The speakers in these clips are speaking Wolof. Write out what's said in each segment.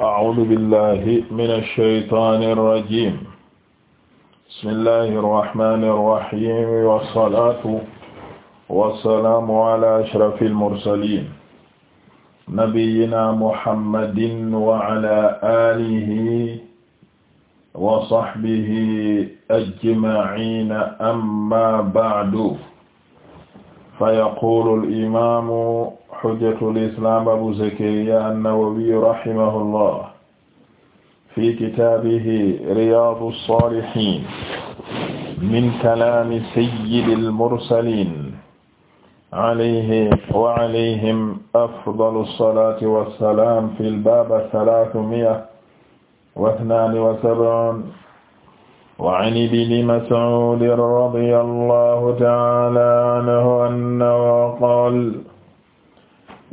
أعوذ بالله من الشيطان الرجيم بسم الله الرحمن الرحيم والصلاة والسلام على أشرف المرسلين نبينا محمد وعلى آله وصحبه أجمعين أما بعد fa yaqulu al-imaamu hujjatu al-islaam abu zakariya an-nawawi rahimahullah fi kitaabihi riyaadu saalihiin min kalaami sayyidil mursaliin alayhi wa alayhim afdalu salaati wa salaam fil baab salaasumi'a wa isnaani wa sab'uun وعن ابن مسعود رضي الله تعالى عنه أنه قال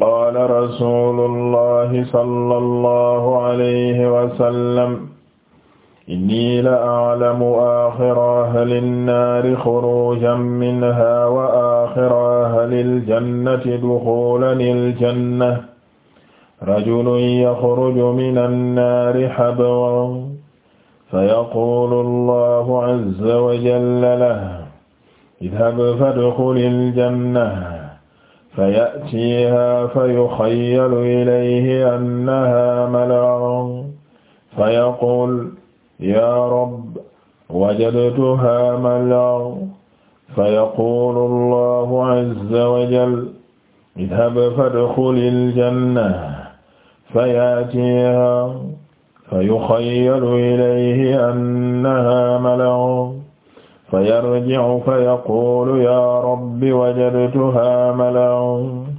قال رسول الله صلى الله عليه وسلم إني لأعلم آخر أهل النار خروجا منها وآخر أهل الجنة دخولا الجنة رجل يخرج من النار حبوا فيقول الله عز وجل له اذهب فادخل الجنة فيأتيها فيخيل إليه أنها ملع فيقول يا رب وجدتها ملع فيقول الله عز وجل اذهب فادخل الجنة فيأتيها fa yuxayyalu ilayhi annahaa mala'un fa yarji'u fa yaquulu yaa rabbi wajadtuhaa mala'un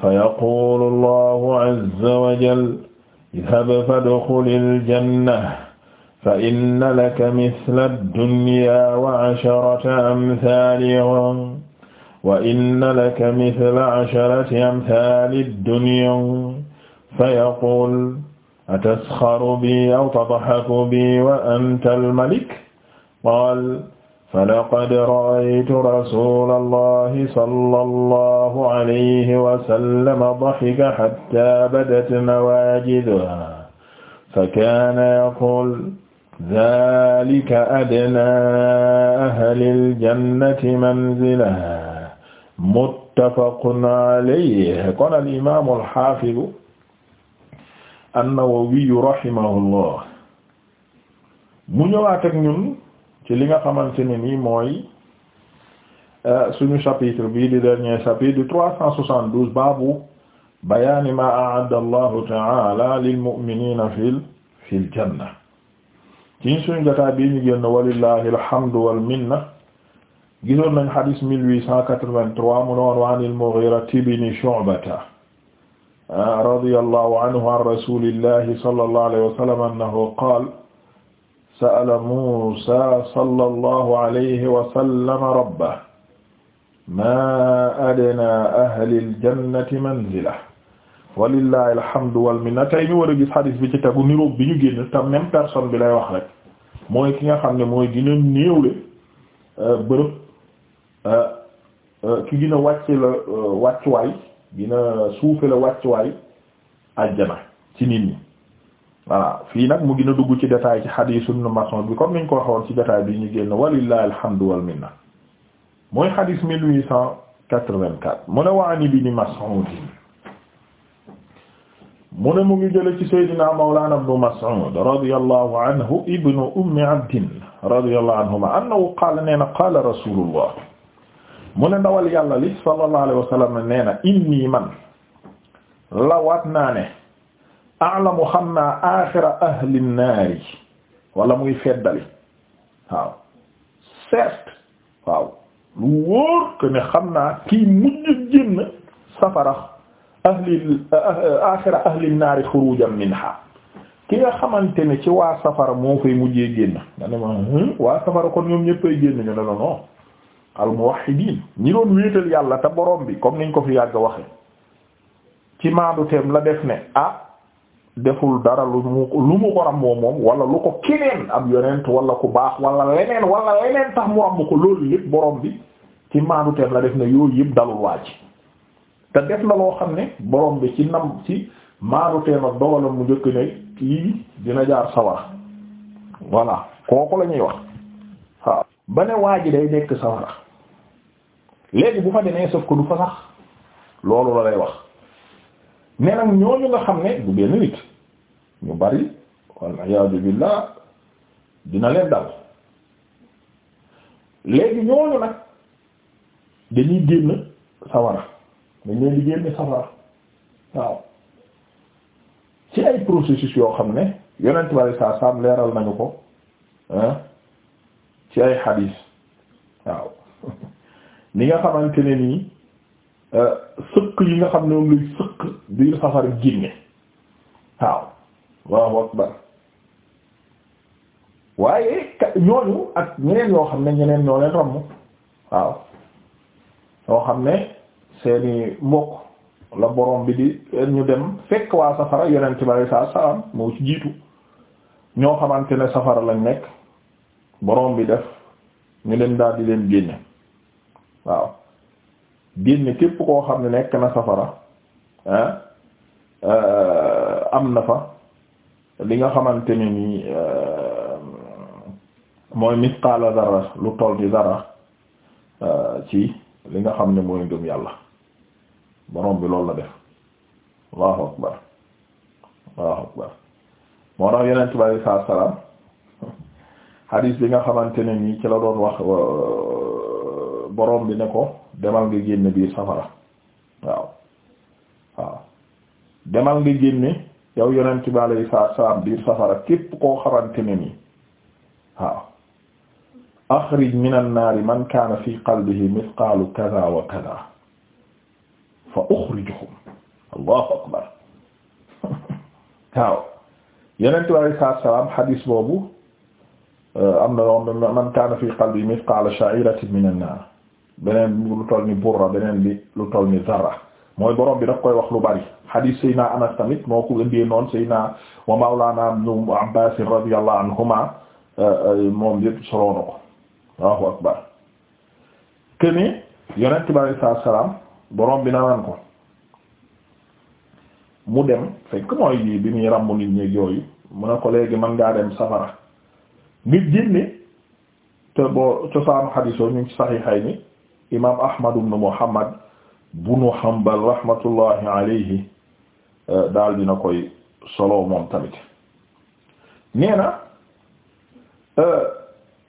fa yaquulu allahu azza wa jalla idhab fadxulil janna fa inna laka misla dunyaa wa casharata amsaalihaa wa inna laka misla casharati amsaali dunyaa fa yaquulu atasxaru bi aw tadhaku bi wa anta almalik qaal falaqad ra'aytu rasula allahi sallallahu alayhi wa sallam dahika hatta badat nawaajiduhaa fakaana yaquulu zaalika adnaa ahlil jannati manzilan muttafaqun alayhi qaala al-imaamul haafidu an-Nawawi rahimahullah mu ñëwaat ak ñun ci li nga xamante ne nii mooy euh, suñu chapitre bii di dernier chapitre du 372 baabu bayaani ma a'adda Allahu ta'ala lil mu'minina fil fil janna ci suñu jotaay bii ñu génn walillahi alhamdu wal minna gisoon nañ hadith 1883 mu doon wa anil Mughira ibn Shu'bata radiyallahu anhu an rasulillahi sallallahu alayhi wa sallam annahu qaala sa'ala Muusaa sallallahu alayhi wa sallam rabbahu maa adnaa ahli al-jannati manzilan walillahi alhamdu wal minna tey ñu war a gis xadis bi ci tegu niroog bi ñu génn te même personne bi lay wax rek mooy ki nga xam ne mooy gën a néewle euh, bërëb euh, euh, ki gën a wàcc la wàccuwaay dina suufe la wàccuwaay àjjana ci nit ñi voilà fii nag mu gën a dugg ci détail ci xadiisu Ibn Mas'ud bi comme niñ ko waxoon ci détail bi ñu génn walillahi alhamdu wal minna mooy xadiis 1884 mu ne wa an Ibn Mas'ud mu ne mu ngi jële ci Seydina Mawlana Ibn Mas'ud radiyallahu anhu ibnu ummi abdin radiyallahu anhuma annahu qaala nee na qaala rasulullah mu ne ndawal yàlla li sallallahu alayhi wa sallam nee na inni man lawaat naa ne a'lamu xam naa aaxira ahli naari wala muy feddali waaw certes waaw lu wóor que ne xam naa kii mujj génn safara ahli aaxira ahli naari xurujan minha ki nga xamante ni ci waa safara moo fay mujjee génn nga ne ma hmm, waa safara kon ñoom ñëppay génn ñu ne la non al muwahhidin ñi doon wéetal yàlla te boroom bi comme niñ ko fi yàgg waxe ci maadu la def ne ah deful dara lu mu lu mu ko ràmboo moom walla lu ko keneen ab yonent wala ku baax wala leneen wala leneen tax mu ràmb ko loolu lépp borom bi ci maadu la def ne yooyu yëpp dalul waa te def na loo xam ne borom bi ci nam ci maadu teem ak dogalam mu njëkk ne kii dina jaar sawara voilà kooku la wax waaw ba ne waa ji day nekk sawara léegi bu fa demee sëf ko du fa sax loolu la lay wax nee nag ñooñu nga xam ne bu génn nit ñu bari walla iyaadu billah dina leen dal léegi ñooñu nag dañuy génn sawara dañ leen di sawara waaw ci ay processus yoo xam ne yonent bari saa saam leeral nañu ko ci ay xadiis waaw ni nga xamante ne nii euh, sëq yi nga xam ne moom luy sëq biir safar jinne waaw waaw akbar waaye ñooñu ak ñeneen yoo xam ne ñeneen ñoo leen romb waaw yoo xam ne seeni mbokk la borom bi di euh, ñu dem fekk waa safara yonent bi alei salaatu salaam jiitu ñoo xamante ne safara lañ nekk boroom bi def ñu leen daal di leen génne waaw génne képp koo xam ne nekk na safara ah, eh, am na fa li nga xamante ne ni eh, mooy misqaala dara lu toll di dara eh, ci li nga xam ne mooy ngëm yàlla borom bi loolu la def allahu akbar allahu akbar moo tax yeneen bi alei salaatu salaam hadis bi nga xamante ne nii ci la doon wax borom bi ne ko demal nga génne biir safara waaw demal nga génne yow yonent bi alayhi biir safara képp koo xamante ne akhrij minan naari man kaana fi qalbihi mithqaalu kaza wa kaza fa ukhrijuhum akbar waaw yonent bi hadis boobu euh, man kaana fi qalbihi mithqaalu sha'iratin minan naar beneen lu toll ni burra beneen bi lu toll ni zarra mooy borom bi daf koy wax lu bari hadith Seydina Anas tamit moo ko indee noonu Seydina wa Mawlana Ibn Abbas radiyallahu anhuma moom yëpp solo ko Allahu akbar keni yonent bi alayhi salaatu salaam borom bi nanaan ko mu dem fekk mooy bi muy ràmbu nit ñi yooyu mu ne ko léegi man ngaa dem safara ngir génne te boo cosaanu xadiisoo ñu saxiixay ni imam ahmad ibn muhammad bunu hanbal rahmatullahi alayhi eh, daal dina koy solo moom tamit nee na eh,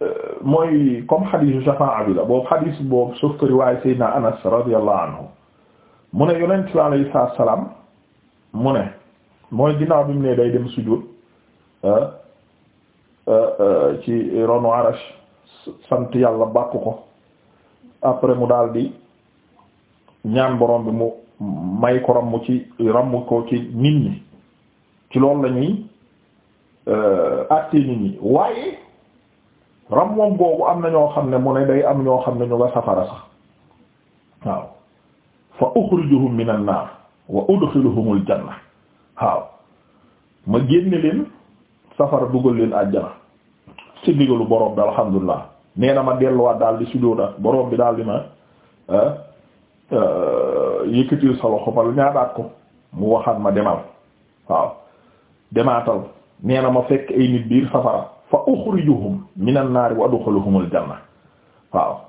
eh, mooy comme xadisu shafaa bi la boobu xadis boobu anas radiyallahu anhu mu yonent bi alayhi salaatu salaam mu ne mooy ginnaaw mu sujud ci ronu arash sant yàlla bàkk ko après mu daal di ñaan borom bi mu may ko ramm ci ramm ko ci nit ñi ci loolu la ñuy euh, nit ñi waaye ram moom googu am na ñoo xam ne mu ne day am ñoo xam ne ñu nga safara sax waaw fa ukhrijuhum minan nar wa udkhiluhumul janna waaw ma génne leen safara dugal leen àjjana ci digalu borom bi alhamdulillah nee na ma delluwaat daal di sujjóot ak borom bi daal di ma eh, eh, yëkkatil sa loxo ma ñaanaat ko mu waxaat ma demal waaw demaatal nee ma fekk ay nit biir safara fa uxrijuhum minan naari wa adxuluhumul janna waaw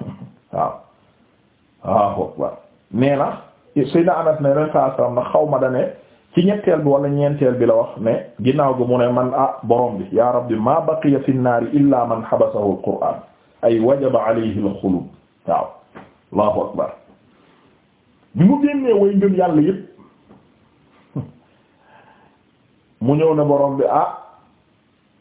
waaw waaw waaw nee na Seydina Anas ne ren saa na xaw ma da ci ñetteel bi wala ñeenteel bi la wax ne ginnaaw bi mu ne man ah borom bi ya rabbi ma baqiya fi illa man habasahu alquran ay wajaba alayhi alxulud waaw allahu akbar bi mu ñëw ne borom bi ah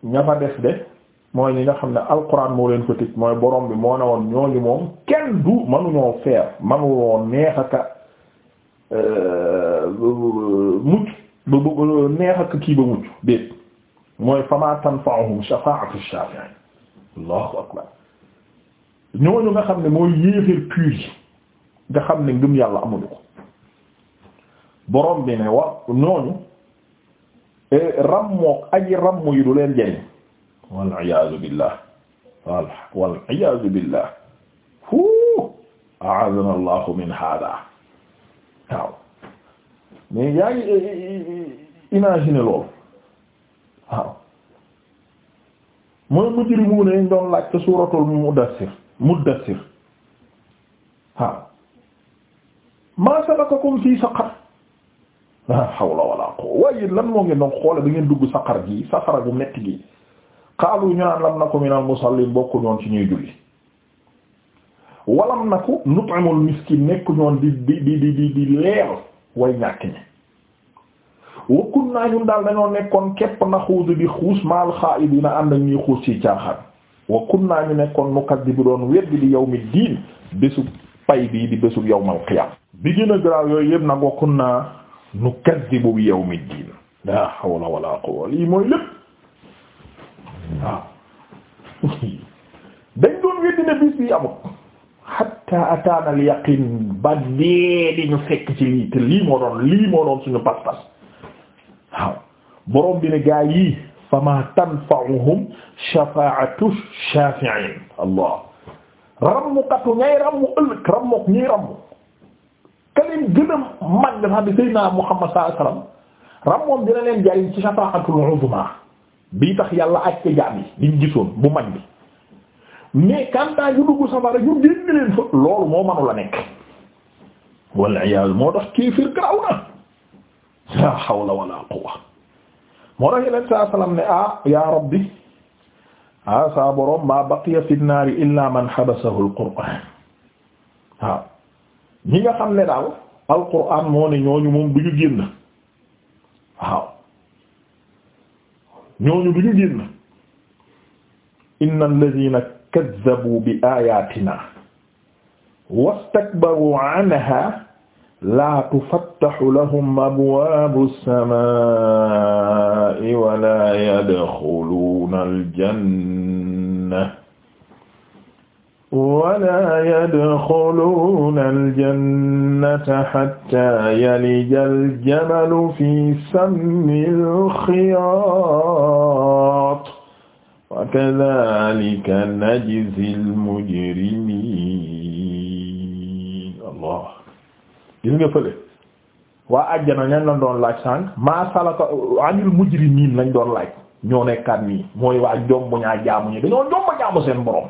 ña fa nga xam ne alquran moo leen ko tëj mooy borom bi moo ne woon ñooñu moom kenn du mënuñoo feer mënuñoo neexaka Euh, mucc ba ba neex ak kii ba mucc déet mooy fama tanfa'uhum shafa'atu shafi'in allahu akbar ñooñu nga xam ne mooy yéeféer pur yi nga xam ne ngëm yàlla amuñu ko borom bi ne wa ñooñu e, rammook aji ramm yi du leen jëriñ wal iyaazu billah wal iyaazu billah fu a'aadana allahu min hada waaw mais yaa ngi eh, eh, eh, imaginer loolu waaw mooy mujrimuuna yi doon laaj ca suuratul mudassir mudassir waaw maa sabakakum fii saqar la hawla wala quwwata waaye lan moo ngeen doon xoole ba ngeen dugg saqar gi saqara gu metti gi qaalu ñu naan lam naku minal musallin bokku ñoon ci ñuy julli walam na ko nut'imul miskin nekk ñoon di di di di di di leer way ñàkk ñi wakkun naa ñun daal dañoo nekkoon képp na xuusi di xuus maal xaa'idiina ànd ak ñuy xuus ci caaxaan wakkun naa ñu nekkoon nukaddibu doon wedd di yawmi diin bésub pay bii di bésub yawmal qiyaam bi gën a garaaw yooyu yëpp nag wakkun naa nukaddibu bi yawmi diin laa hawla walaa quwwata mooy lépp dañ doon weddi ne bis amut hatta ataana al yaqin ba dee di ñu fekk ci lii te lii moo doon lii moo doon suñu pas-pas waaw borom bi ne gaa yi fama tanfa'uhum shafa'atu shafi'in allah rammukatu ñay rammu ëllëg rammook ñiy rammu ka leen gën a mag dafa bi sayyidina Muhammad sallallahu alayhi wasallam rammoom dina leen jariñ ci shafa'atul uzma bii tax yàlla ak ca jaam yi liñ gisoon bu mag bi mais kantaa ñu dugg safara ñu génn moo manu la nekk walla iyaazu moo tax kéefir garaw na la hawla wala quwwa moo tax yeneen salaam ne ah ya rabbi ah saa maa baqiya fi naari illa man habasahu alqur'an waaw ñi nga xam ne daal alqur'an moo ne ñooñu moom du ñu génn waaw ñooñu du ñu génn inna alladhina kaddabu bi ayatina wastakbaru anha laa tufattahu lahum abwaabu samaa'i walaa yadxuluuna aljanna walaa yadxuluuna aljannata hattaa yalija aljamalu fi sammil xiyaat wa kadhalika najzil mujrimin allah gis nga fële waa àjjana ñan lañ doon laaj sànq maa salaka anil mujrimin lañ doon laaj ñoo nekkaat nii mooy waa jomb ñaa jaamu ñi dañoo jomb jaamu seen borom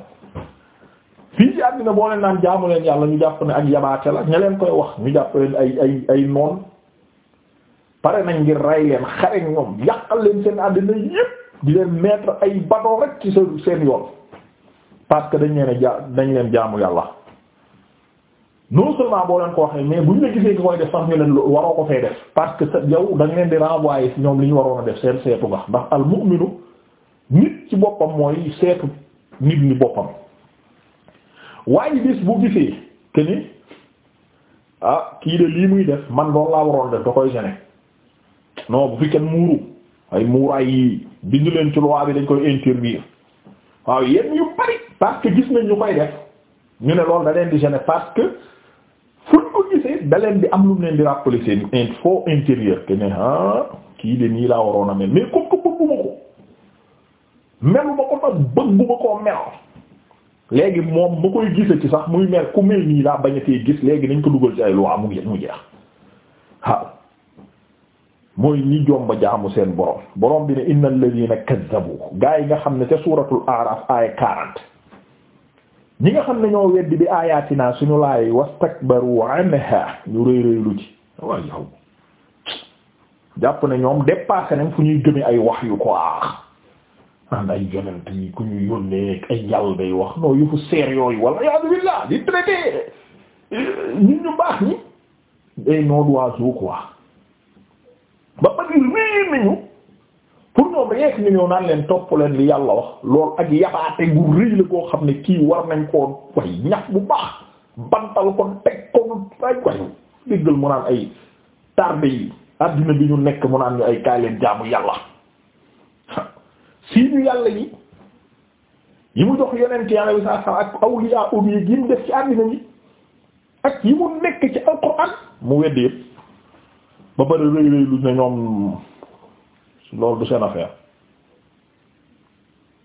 fii ci àddina boo leen naan jaamu leen yàlla ñu jàpp ne ak yabaate la ña leen koy wax ñu jàpp leen ay ay ay noon pare nañ ngir rey leen xare ñoom yàqal leen seen àddina yépp di leen mettre ay bateau rek ci seen yoon parce que dañ leen dañ leen jaamu yàlla non seulement boo leen ko waxee mais buñ la gisee nga koy def sax ñu leen waroo ko fee def parce que yow dañ leen di renvoyer ñoom li ñu waroon a def seen seetu nga ndax al mu'minu nit ci boppam mooy seetu nit ñi boppam waaye bis bu gisee que ni ah kii de lii muy def man loolu laa waroon def da koy gêner non bu fi kenn muuru ay muuraay yi bind leen ci loi bi dañ koy interdire waaw yenn yu bari parce que gis nañ lu koy def ñu ne lool da leen di gêner parce que fu ñu ko gisee da leen di am lu mu leen di rappeler seen info intérieur te ne ah kii de nii laa waroon a mel mais comme que bëgguma ko ko mel léegi moom ma koy gise ci sax muy mel ku mel nii laa bañatee gis léegi nañ ko dugal ci ay loi mu jeex mu jeex waaw. mooy ñi jomba jaamu seen borom borom bi ne innal ladina gaa yi nga xam ne ca suuratul aaraaf aaya 40 ñi nga xam ne ñoo weddi bi aayaatinaa suñu laay wastakbaru anha ñu rëy rëylu ci jàpp ne ñoom dépassé nañ fu ñuy gëme ay wax yu ko aax an ay yonent yi ku ñu yónnee ay yàlla day wax noo yëfu seer yooyu wala iyaazu billah di traité ñun ñu baax ñi des noms d'oiseaux ba bëgg réer nañu pour ñoom rek ñu ñëw naan leen topp leen li yàlla wax lool ak yabaate gu rëy la koo xam ne kii war nañ koo way ñax bu baax bantal ko teg ko ay way déggal mu naan ay tarde yi addina bi ñu nekk mu naan ñu ay kaay leen jaamu yàlla sii ñu yàlla yi yi mu jox yonent yàlla bi saa saa ak awliya um yi mu def ci addina yi ak yi mu nekk ci alquran mu wedd yëpp ba bari rëy rëy lu ne ñoom loolu du seen affaire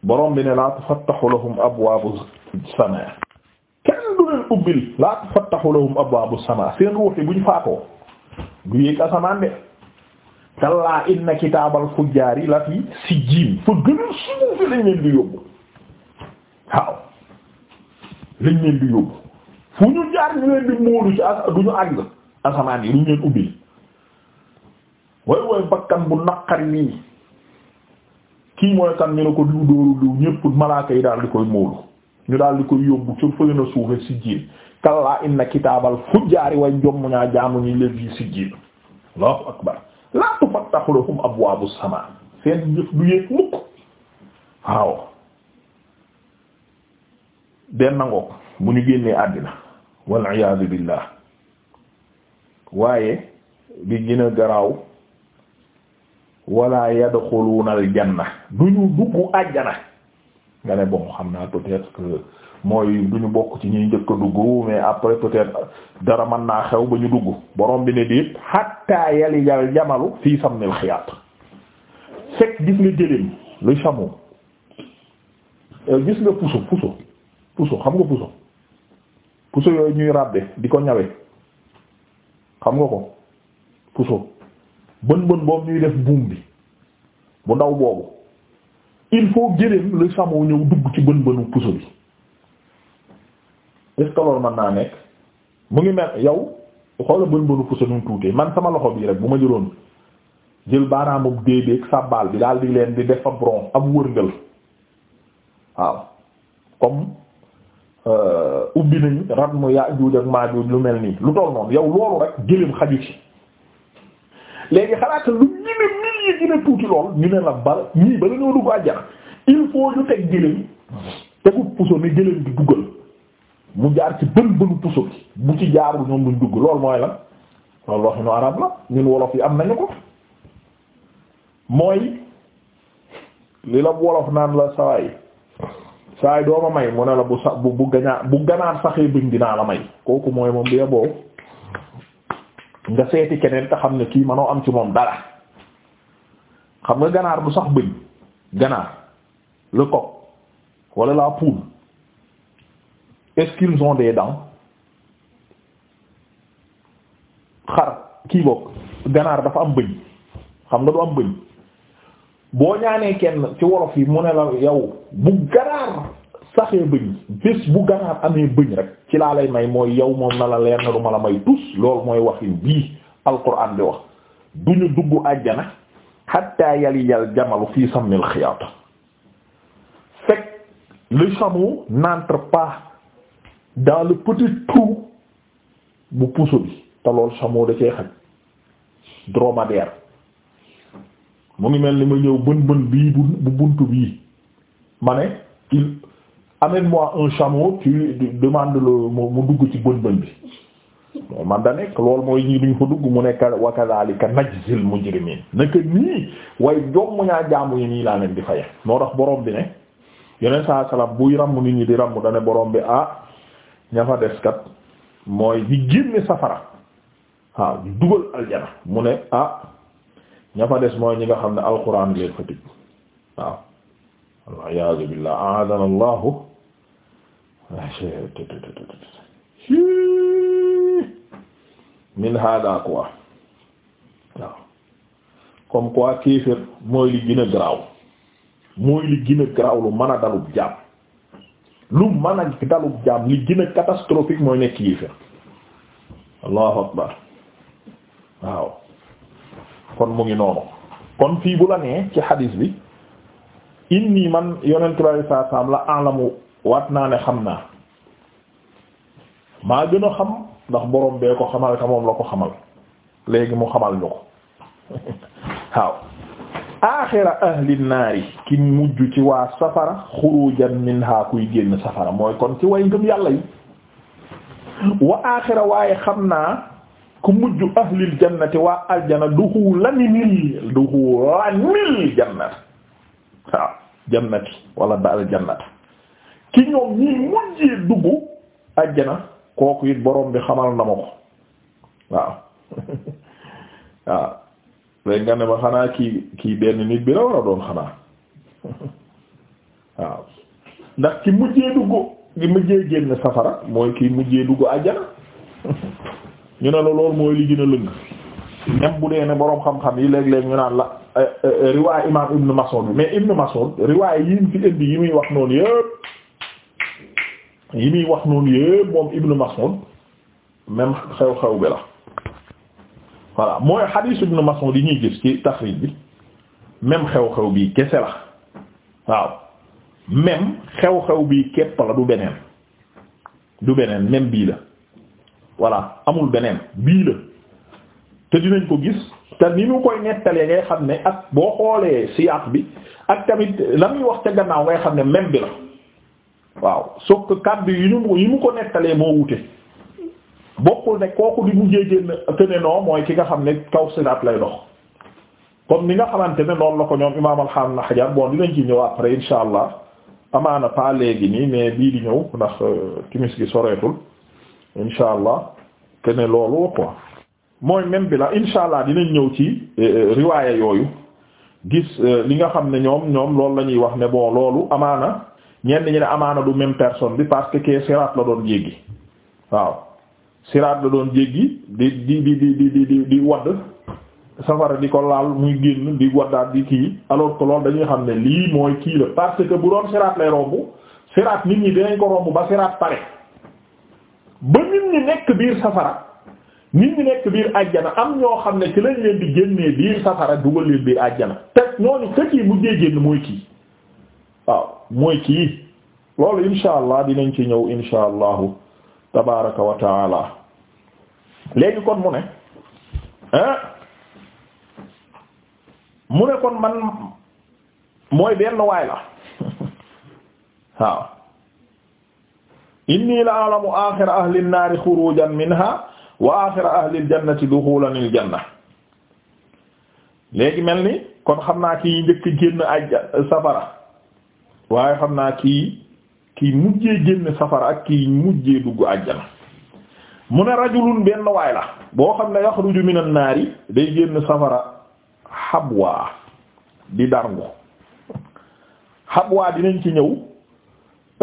borom bi ne laa tufattahu lahum abwaabu samaa kenn du leen ubbil laa tufattahu lahum abwaabu samaa seen ruux yi buñ faatoo du yéeg asamaan de kallaa inna kitaabal fujjaari la fi sijjiin fa gën a suufi lañ leen di yóbbu waaw lañ leen di yóbbu fu ñu jaar ñu leen di móolu ci duñu àgg asamaan yi duñ leen ubbil way way bakkan bu naqari nii kii mooy kan ñu ne ko diw dóoru diw ñépp malaaka yi daal di koy móolu ñu daal di koy yóbbu ca fëgën a suufe kallaa inna kitaabal fujjaari way jomm ñaa jaamu ñuy levi si jiin allahu akbar laa tufattahu lahum abwaabu samaa seen du yéeg mukk waaw den nangook bu ñu génnee àddina wal waaye bi gën garaaw wala yadxuluuna aljanna du ñu dugg àjjana nga ne bon xam naa peut-être mooy du ñu bokk ci ñuy njëkk dugg mais après peut dara mën naa xew ba ñu dugg borom bi ne déet hatta yalijal jamalu fii sammil xiyaat fekk gis nga jëlim lu chameau euh, gis nga puso puso puso xam nga puso puso yooyu ñuy ràbbe di ko ñawe xam nga ko puso bën bën boobu ñuy def buum bi bu ndaw boobu il faut géléem lu samoo ñëw dugg ci bën bënu puso bi est-ce naa nekk mu ngi mel yow xoola bën bënu puso nu mu tuutee man sama loxo bii rek bu ma jëloon jël baaraamub déedéeg sàbbaal bi daal di leen di def ab ron ab wërngël waaw comme euh, ubbi nañ rat mu yaa juuj ak maa juuj lu mel nii lu toll noonu yow loolu rek géléem xaju ci léegi xalaatal lu ñu ne a tuuti la bala ñii bala ñoo dugg àjjana il faut ñu teg gëléem tegu puso ne gëléem di duggal mu jaar ci bën bënu puso bi bu ci jaarul ñoom duñ dugg lool mooy lan loolu waxinu arab la ñun wolof yi am nañu ko mooy li la wolof naan la sawaay sawaay dooma may mu ne la bu sa bu bu ganaar bu ganaar saxee bëñ dinaa la may kooku mooy moom bi yeboo nga seeti keneen te xam ne kii manoo am ci moom dara xam nga ganaar du sax bëñ ganaar le coq wala la poule est-ce qu'ils ont des dents xar kii bokk ganaar dafa am bëñ xam nga du am bëñ boo ñaanee kenn ci wolof yi mu ne la yow bu ganaar saxee bëñ bés bu ganaar amee bëñ rek ci laa lay may mooy yow moom na la leer na du la may tus loolu mooy wax yu bii alquran bi wax du ñu dugg àjjana hatta yaliyal jamalu fii sammil xiyaat fekk le chameau n'entre pas dans le petit trou bu puso bi te loolu chameau da cee xaj mu ngi mel ni ma ñëw bën bën bii bu buntu bii ma ne amène-moi un chameau tu demande mu dugg ci bën bën bi man da nekk loolu mooy ñii duñ fa dugg mu nekk wa kadhalika najzil mujrimin naka nii waaye jom ñaa jaamu yi nii laa leen di faye moo tax boroom bi ne yeneen saa salaam buy ramm nit ñi di ramm dane boroom bi ah ña fa des kat mooy di génne safara waaw dugal aljana mu ne ah ña fa des mooy ñi nga xam ne alxuraan leen fa tëj waaw waliyasu billah aadana allahu min hada quoi waaw comme quoi kéefër mooy li gën a garaaw mooy li gën a garaaw lu mën a dalub jaam lu mën a dalub jaam li gën a catastrophique mooy nekk yéefër allahu akbar waaw kon mu ngi noonu kon fii bu la nee ci hadis bi inni man yonentu Yàlla sallallahu alayhi wa la a'lamu waat naa ne xam naa maa gën a xam ndax borom bee ko xamal te moom la ko xamal léegi mu xamal ñu ko waaw aaxira ahli naari ki mujj ci waa safara xurujan minha kuy génn safara mooy kon ci way ngëm yàlla yi wa aaxira waaye xam naa ku mujj ahlil jannati waa aljana duxulanil duxulanil jannat waaw jannati wala daal jannat ki ñoom ñii mujjee dugg àjjana kooku it boroom bi xamal na ma ko waaw waaw léegi nga ne ma xanaa kii kii benn nit bi la war a doon xanaa waaw ndax ki mujjee dugg ki mujjee génn safara mooy ki mujjee dugg àjjana ñu ne la loolu mooy li gën lëng même bu dee ne boroom xam-xam yi léeg-léeg ñu naan la eh, eh, riwaay imam Ibn Mas'ud mais Ibn Mas'ud riwaay yi mu fi indi yi muy wax noonu yëpp yi muy wax noonu yëpp moom Ibn Mas'ud même xew-xew bi la voilà mooy xadiis Ibn Mas'ud yi ñuy gis ci taxriij bi même xew-xew bii kese la waaw même xew-xew bii képp la du beneen du beneen même bii la voilà amul beneen bii la te dinañ ko gis te ni mu koy nettalee ngay xam ne ak boo xoolee siyaaq bi ak tamit la muy wax ca gannaaw ngay xam ne même bi la waaw sokk kaddu yi ñu yi mu ko nettalee moo wute bokkul ne kooku di mujjee génn te ne mooy ki nga xam ne kaw siraat lay dox comme ni nga xamante ne noonu la ko ñoom imaam alxam na xajar bon dinañ ci ñëw après insha allah amaana pas léegi nii mais bii di ñëw ndax euh, timis gi soreetul insha allah te ne loolu mooy même bi la insha allah dinañ ñëw ci euh, euh, riwaaya yooyu gis li nga xam ne ñoom ñoom loolu la ñuy wax ne boo loolu amaana. ñenn ñi ne amaana du même personne bi parce que kee siraat la doon jéggi waaw siraat la doon jéggi di di di di di di di wadd safara di ko laal muy génn di waddaat di kii alors que loolu dañuy xam ne lii mooy kii la parce que bu doon siraat lay romb siraat nit ñi dinañ ko romb ba siraat pare ba nit ñi nekk biir safara nit ñi nekk biir àjjana am ñoo xam ne ci lañ leen di génnee biir safara dugal leen biir àjjana te ñooñu kët yi mujjee génn mooy mooy kii loolu insha allah dinañ ci ñëw insha allahu tabaraka wa léegi kon mu ne ah mu ne kon man mooy benn waay la waaw inni la alamu axira ahli nnaari xurujan minha wa axira ahli ljannati duxulan il janna léegi mel ni kon xam naa ki njëkk génn aj safara waaye xam naa kii kii mujjee génn safara ak kii mujjee dugg àjjana mu ne rajulun benn waay la boo xam ne yaxruju minan naari day génn safara xabwaa di darngu xabwaa dinañ ci ñëw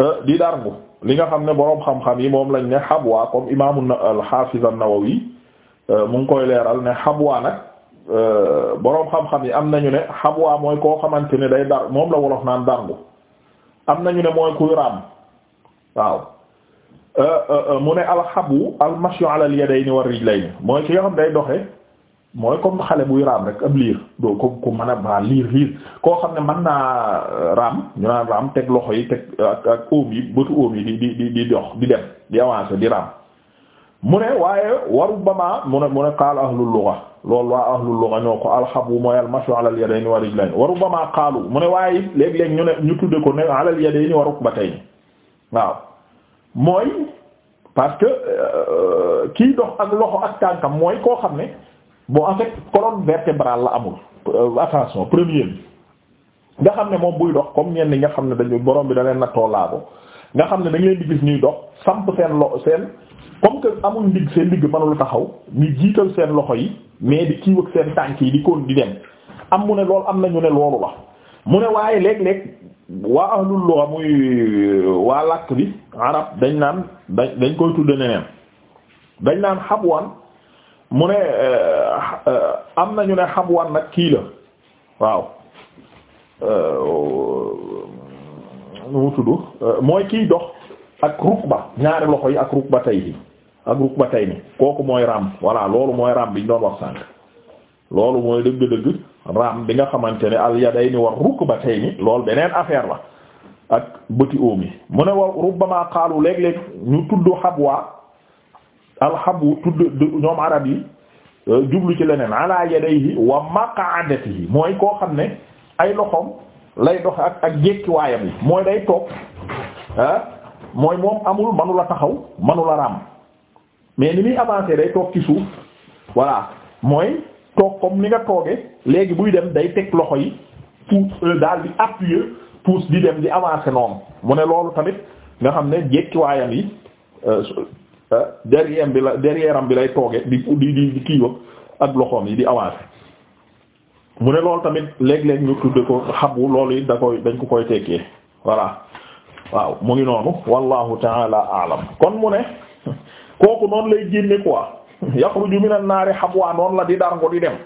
euh, di darngu li nga xam ne boroom xam-xam yi moom lañ ne xabwaa comme imaamu al-Hafiz an-Nawawi euh, mu ngi koy leeral ne xabwaa nag euh, boroom xam-xam yi am nañu ne xabwaa mooy koo xamante ne day dar moom la wolof naan darngu am nañu ne mooy kuy raam waaw euh, euh, euh, mu ne alxabu almashu ala alyadayni war rijlayni mooy ki yoo xam day doxe mooy comme xale buy raam rek ab liir doo ko ku mën a ba liir liir koo xam ne mën naa raam ñu naan raam teg loxo yi teg ak ak óom yi bëtu óom yi di di di dox di dem di avancer di raam mu ne waaye waru bamaa mu ne mu ne qaala ahlul lugha loolu waa ahlul lugha ñoo ko alxabu mooy almashu ala al-yadayni war rijlayni waru bamaa qaalu mu ne waaye léeg-léeg ñu ne ñu tudde ko ne ala al-yadayni wa rukbatayni waaw mooy parce que euh, kii dox ak loxo ak tànkam mooy koo xam ne bon en fait colonne vertébrale la amul euh, attention première bi xam ne moom buy dox comme ñenn ñi nga xam ne dañu borom bi da na tollaa ko nga xam ne dañ leen gis ñuy dox samp seen lo seen comme que amul ndigg seen ndigg mënul taxaw ñu jiital seen loxo yi mais di kii wëg seen tànk yi di kon di dem am mu ne lool am na ñu ne loolu la mu ne waaye léeg-léeg waa ahlul lugha muy euh, waa làkk bi arab dañ naan dañ dañ koy tudde neneen dañ naan xabwan mu ne euh, euh, am na ñu ne xabwan nag kii la waaw mu tudd mooy kii dox ak rukba ñaari loxo yi ak rukba tey yi ak rukbatayni kooku mooy raam voilà loolu mooy raam bi ñu doon wax sànq loolu mooy dëgg-dëgg raam bi nga xamante ne al yadayni war rukbatayni loolu beneen affaire la ak bëti oom yi mu ne wa rubbama xaalu léeg-léeg ñu tudd xabwa alxabu tudd ñoom arab yi euh, jublu ci leneen ala yadayhi wa maq'adatihi mooy koo xam ne ay loxoom lay dox ak ak jékkiwaayam yi mooy day toog ah mooy moom amul manula taxaw manula raam mais ni muy avancer day toog ci suuf mooy toog comme ni nga tooge léegi buy dem day teg loxo yi pour daal di appuyer pousse di dem di avancer noonu mu ne loolu tamit nga xam ne jekkiwaayam yi euh, euh, derrière bi la derrière am bi lay tooge di di di ak loxoom yi di avancer mu ne loolu tamit léeg-léeg ñu tudde ko xabu loolu yi da koy dañ ko koy tekkee voilà waaw mu ngi noonu wallahu taala kon mu ne kooku noonu lay génne quoi yaxruju minan naari habwa noonu la di darngo di dem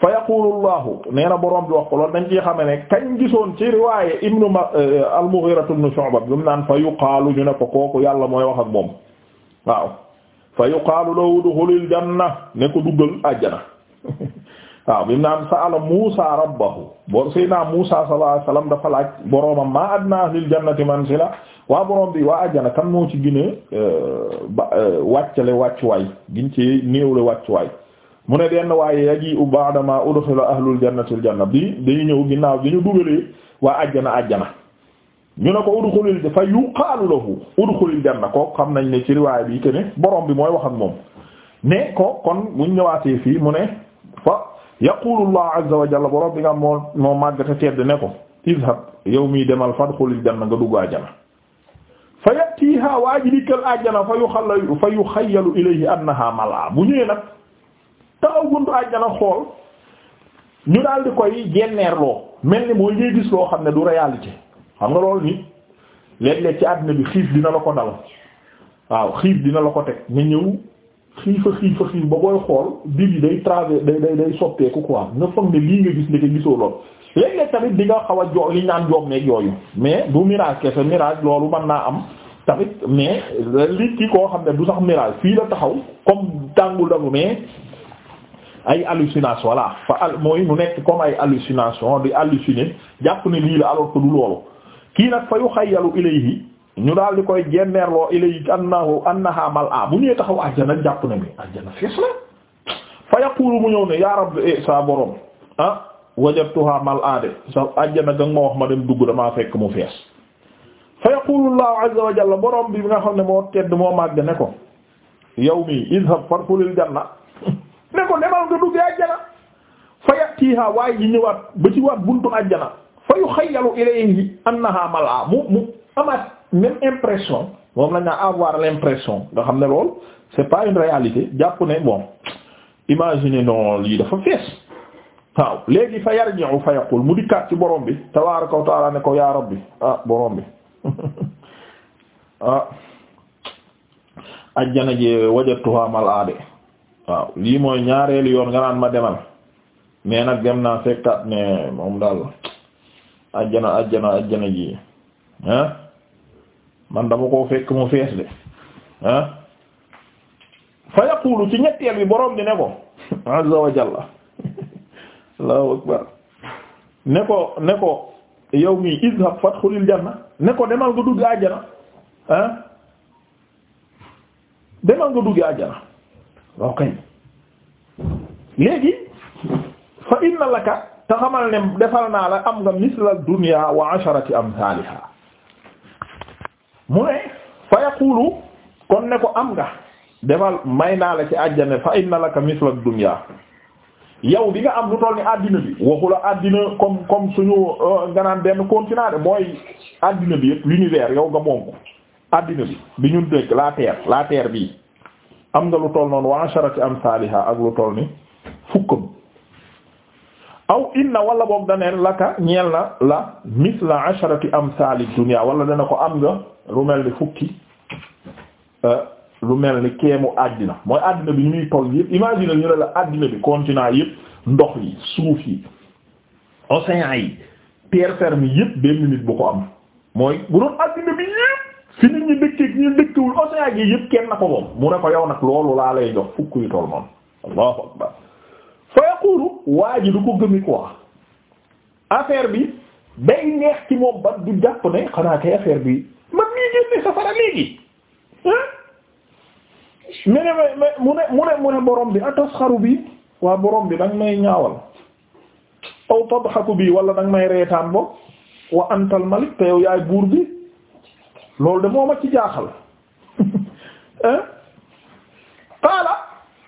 fa yaqulu llahu na borom bi wax ko loolu dañ ciy xame ne kañ gisoon ci riwaaye ibnu euh, al-Mughira bi mu naan fa yuqaalu ñu ne ko kooku yàlla mooy wax ak moom waaw fa yuqaalu lahu duxulil janna ne ko duggal àjjana bi mu naan sa'ala Muusaa rabbahu bor Seydina Muusaa sallallahu alayhi wasallam dafa laaj boroomam maa adnaa waa borom bi waa àjjana kan moo ci gën a euh, euh, wàccale wàccuwaay gin ci néewle wàccuwaay mu ne denn waaye yaji u ba'dama udxila ahlul jannatil janna bi dañu ñëw ginnaaw dañu dugalee waa àjjana àjjana ñu ne ko udxulil fa yuqaalu lahu udxulil janna ko xam nañ ne ci riwaay bi te borom bi mooy wax ak moom ne ko kon mu ñëwaatee fii mu ne fa yaqulu allah azza wa jalla borom bi nga moo moo tedd ne ko izhab yow mii demal fadxulil janna nga dugg àjjana fa yatiha waa ji dikkal àjjana fa yu xallalu fa yu xayyalu ilayhi annaha mala bu ñëwee nag taxaw buntu àjjana xool ñu daal di koy jenneerloo mel ni mooy ngay gis loo xam ne du réalité xam nga loolu nit léeg-léeg ci àddina bi xiif dina la ko dal waaw xiif dina la ko teg nga ñëw xiifa xiifa xiif ba booy xool biir yi day traverse day day day soppeeku quoi nga foog ne lii nga gis ne gisoo lool léeg-léeg tamit di nga xaw a jo li ñu naan joom neeg yooyu mais bu mirage kese mirage loolu man naa am tamit mais li ki koo xam ne du sax mirage fii la taxaw comme tàngul dalu mais ay hallucination voilà fa al mooy mu nekk comme ay hallucination di halluciner jàpp ne lii la alors que du loolu kii nag fa yu xayyalu ilayhi ñu daal di koy jenneerloo ilayhi annahu annaha mal'a bu ñuy taxaw àjjana jàpp ne mi àjjana fees la fa mu ñëw ne ya rabbi eh, sa boroom ah, wajadtuha mal aade sa àjjana ga nga ma wax ma dem dugg damaa fekk mu fees fa yaqulu llahu borom bi nga xam ne moo tedd moo màgg ne ko yow mi idhab farfulil janna ne ko demal nga duggee àjjana fa yatiha waaye ji ñëwaat ba ci waat buntu àjjana fa yuxayyalu ilayhi annaha mal'a mu mu amaat même impression moom la ñu avoir l'impression nga xam ne lool c'est pas une réalité jàpp ne bon imagine non lii dafa fees waaw léegi fa yarji'u fa yaqul mu dikkaat ci borom bi tabaaraka wa ta'aala ne ko yaa rabbi ah borom bi ah ajjana ji wajadtuha mal'aade waaw lii mooy ñaareelu yoon nga naan ma demal mais nag dem naa fekkaat ne moom daal ajjana ajjana ajjana ji ah man dama koo fekk mu fees de ah fa yaqulu ci ñetteel bi borom ne ko azza wa allahu akbar ne ko ne ko yow mi izhab fadxulil janna ne ko demal nga dugg àjjana ah demal nga dugg àjjana waaw léegi fa inna laka te xamal ne defal naa la am nga misla dunya wa asharati amthaliha mu ne fa yaqulu kon ne ko am nga defal may naa la ci àjjana fa inna laka misla dunya yow bi nga am lu toll ni addina bi waxula addina comme comme suñu euh, nga naan benn continent de mooy addina bi yëpp l'univers yow nga moom ko addina bi bi ñu dégg la terre la terre bii am nga lu toll noonu wa am amsaliha ak lu toll ni fukkam aw inna wala boog daneen laka ñeel na la misla asharati amsali dunya wala dana ko am nga lu mel ni fukki euh, lu mel ni keemu àddina mooy àddina bi ñu muy toll yëpp imagine ñu ne la àddina bi continent yëpp ndox yi suuf yi océan yi terre ferme yëpp benn nit bu ko am mooy bu doon àddina bi yëpp fi nit ñi dëkkeek ñu dëkkewul océan yi yëpp kenn na ko moom mu ne ko yow nag loolu laa lay jox fukk yu toll noonu allahu akbar fa yaqulu waa ji du ko gëmi quoi affaire bi day neex ci moom ba du jàpp ne xanaa kay affaire bi man nii génne safara léegi mu ne mu ne mu ne mu ne borom bi atasxaru bi waa boroom bi danga may ñaawal aw tadxaku bi wala danga may reetaan bo wa antal malik te yow yaay buur bi loolu de moo ma ci jaaxal qaala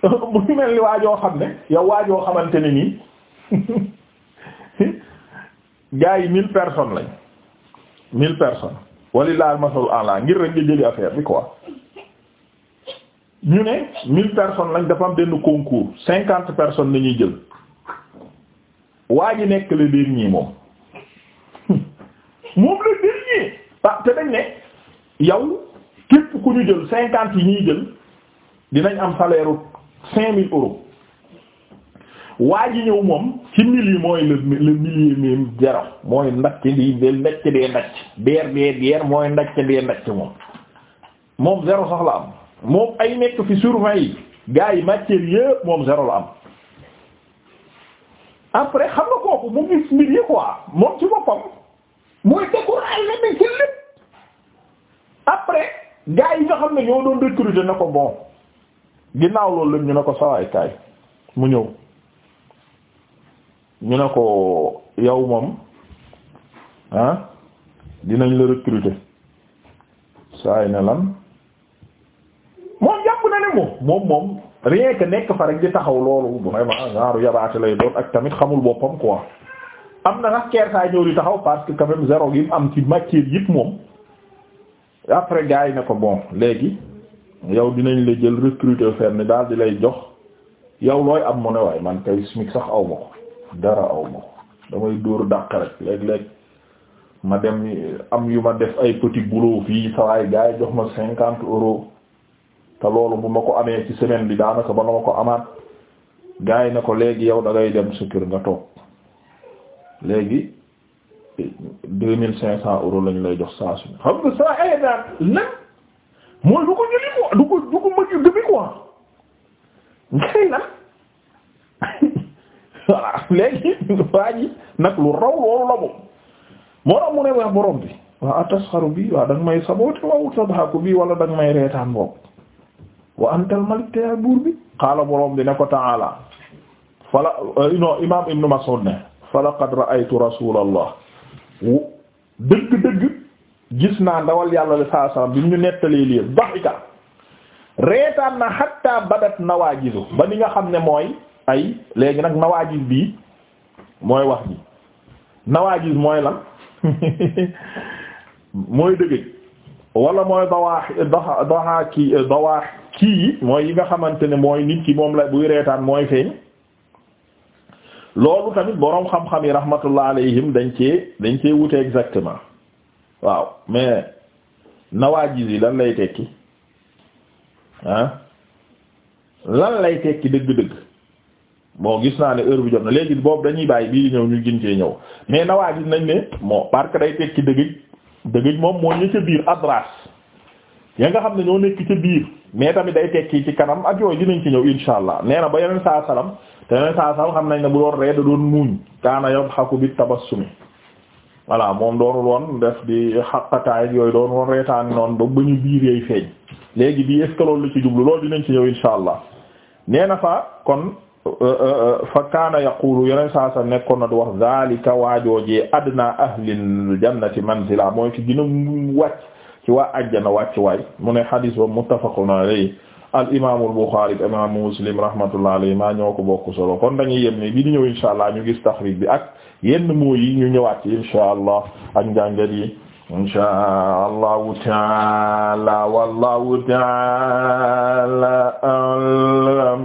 bu ñu mel ni waajoo xam ne yow waajoo xamante ni nii gars yi mille personnes lañ mille personnes walilaal masalu ala ngir rek nga jëli affaire bi quoi ñu ne mille personnes lañ dafa am benn concours cinquante personnes la ñuy jël waa ji nekk le dernier moom moom le dernier ah te dañ ne yow képp ku ñu jël cinquante yi ñuy jël dinañ am salaire cinq mille euros waa ji ñëw moom ci mille yi mooy le le millier même zéro mooy ndacc di de ndacc dee ndacc deer dee deer mooy ndacc dee ndacc moom moom zéro sax am moom ay nekk fi surveillé yi yi matière yëpp moom zéro la am après xam nga kooku mu gis mbir yi quoi moom ci boppam mooy découragé la mais ci lépp après gars yi nga xam ne ñoo doon recruter na ko bon ginnaaw loolu ñu ne ko sawaay kaay mu ñëw ñu ne ko yow moom ah dinañ la recruter saay ne lan moom moom moom rien que nekk fa rek di taxaw loolu vraiment genre yabaate lay doon ak tamit xamul boppam quoi am na nag kersaay ñëw di taxaw parce que quand même zéro gi am ci matière yëpp moom après gars yi ne ko bon léegi yow dinañ la jël recruter fenn daal di lay jox yow looy am mu ne waaye man kay SMIC sax aw ma ko dara aw ma ko damay dóor dàq rek léeg-léeg ma dem am yu ma def ay petit boulot fii sawaay gars yi jox ma cinquante euros te loolu bu ma ko amee ci semaine bi daanaka ba na ma ko amaat gars yi na ko léegi yow da dem sa kër nga toog léegi deux mille cinq cents euros lañ lay jox saa su xam nga mooy du ko jëli a dëbi quoi ngay nag voilà léegi waa lu raw loolu la moom moo mu ne waa borom bi waa atasxaru bi waa da nga may saboote waaw tabaaku bi wala da nga may reetaan boobu wa antal malik te yaay buur bi qaala borom bi ne ko ta'ala la eh, non imam ibnu Mas'ud ne fa laqad ra'aytu rasulallah wu dëgg-dëgg gis naa ndawal yàlla la saa sallam bi ñu nettalee lii daxika reetaan na hatta badat nawaajisu ba ni nga xam ne mooy ay léegi nag nawaajis bii mooy wax ji nawaajis mooy lan mooy dëgg wala mooy dawaax eh, dawaax kii yi mooy yi nga xamante ne mooy nit ki moom la buy reetaan mooy feeñ loolu tamit boroom xam-xam yi rahmatullah alayhim dañ cee dañ cee wute exactement waaw mais nawaajiz yi lan lay tekki ah lan lay tekki dëgg-dëgg moo gis naa ne heure bi jot na léegi boobu dañuy bàyyi bii di ñëw ñu gën cee ñëw mais nawaajiz nañ ne moo parce que day tekki dëgg dëgg moom moo ñu ca biir adras ya nga xam ne ñoo nekk ca biir. mais tamit day tekki ci kanam ak yooyu dinañ ci ñëw insha allah nee na ba yeneen saa salam te yeneen saa xam nañ ne bu doon ree da doon muuñ kaana yadhaku bi tabassumi voilà moom doonul woon def di xaqataay yooyu doon woon reetaan noonu ba ba ñu biir yooyu feeñ léegi bii est loolu ci jublu loolu dinañ ci ñëw insha allah nee fa kon euh, euh, euh, fa kaana yaqulu yeneen saa salam nekkoon na du wax zalika waajoojee adna ahlil jannati manzila mooy ci gën a wàcc ci wa ajjana wàcc waay mu ne hadis ba muttafaqun alayhi al imaamul Buxaari imaam Muslim rahmatullahi alayhi maa ñoo ko bokk solo kon dañuy yem ni bi di ñëw insha allah ñu gis taxrij bi ak yenn yi ñu ñëwaat ci insha allah ak njàngat yi taala wallahu taala alam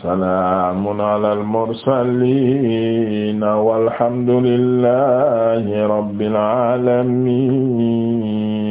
salaamun alal mursaliin walhamdulillahi rabbil aalamiin